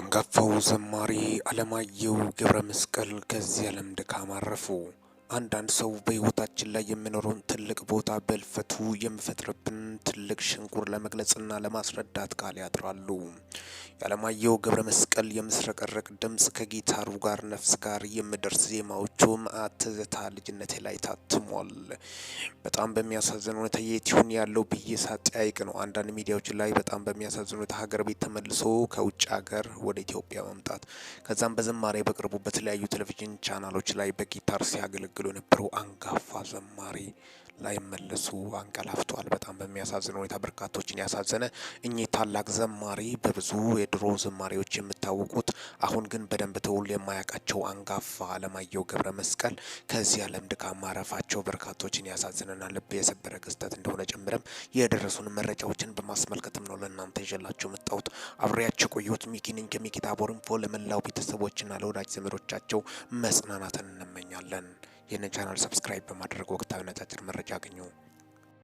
አንጋፋው ዘማሪ አለማየሁ ገብረ መስቀል ከዚህ ዓለም ድካም አረፉ። አንዳንድ ሰው በሕይወታችን ላይ የሚኖረውን ትልቅ ቦታ በልፈቱ የሚፈጥርብን ትልቅ ሽንኩር ለመግለጽና ለማስረዳት ቃል ያጥራሉ። የዓለማየሁ ገብረ መስቀል የምስረቀረቅ ድምፅ ከጊታሩ ጋር ነፍስ ጋር የምደርስ ዜማዎቹም አትዝታ ልጅነቴ ላይ ታትሟል። በጣም በሚያሳዝን ሁኔታ የት ይሁን ያለው ብዬ ሳጠያይቅ ነው። አንዳንድ ሚዲያዎች ላይ በጣም በሚያሳዝን ሁኔታ ሀገር ቤት ተመልሶ ከውጭ ሀገር ወደ ኢትዮጵያ መምጣት ከዛም በዝማሬ በቅርቡ በተለያዩ ቴሌቪዥን ቻናሎች ላይ በጊታር ሲያገለግሉ የነበረው አንጋፋ ዘማሪ ላይመለሱ አንቀላፍቷል። በጣም በሚያሳዝን ሁኔታ በርካቶችን ያሳዘነ እኚህ ታላቅ ዘማሪ በብዙ የድሮ ዘማሪዎች የምታወቁት አሁን ግን በደንብ ትውል የማያውቃቸው አንጋፋ አለማየሁ ገብረ መስቀል ከዚህ ዓለም ድካም ማረፋቸው በርካቶችን ያሳዝነና ልብ የሰበረ ክስተት እንደሆነ ጨምረም የደረሱን መረጃዎችን በማስመልከትም ነው ለእናንተ ይዤላችሁ መጣሁት። አብሬያቸው ቆየሁት ሚኪንኝ ከሚኪታ ቦርንፎ ለመላው ቤተሰቦችና ለወዳጅ ዘመዶቻቸው መጽናናትን እንመኛለን። ይህንን ቻናል ሰብስክራይብ በማድረግ ወቅታዊ ነጫጭር መረጃ አገኙ።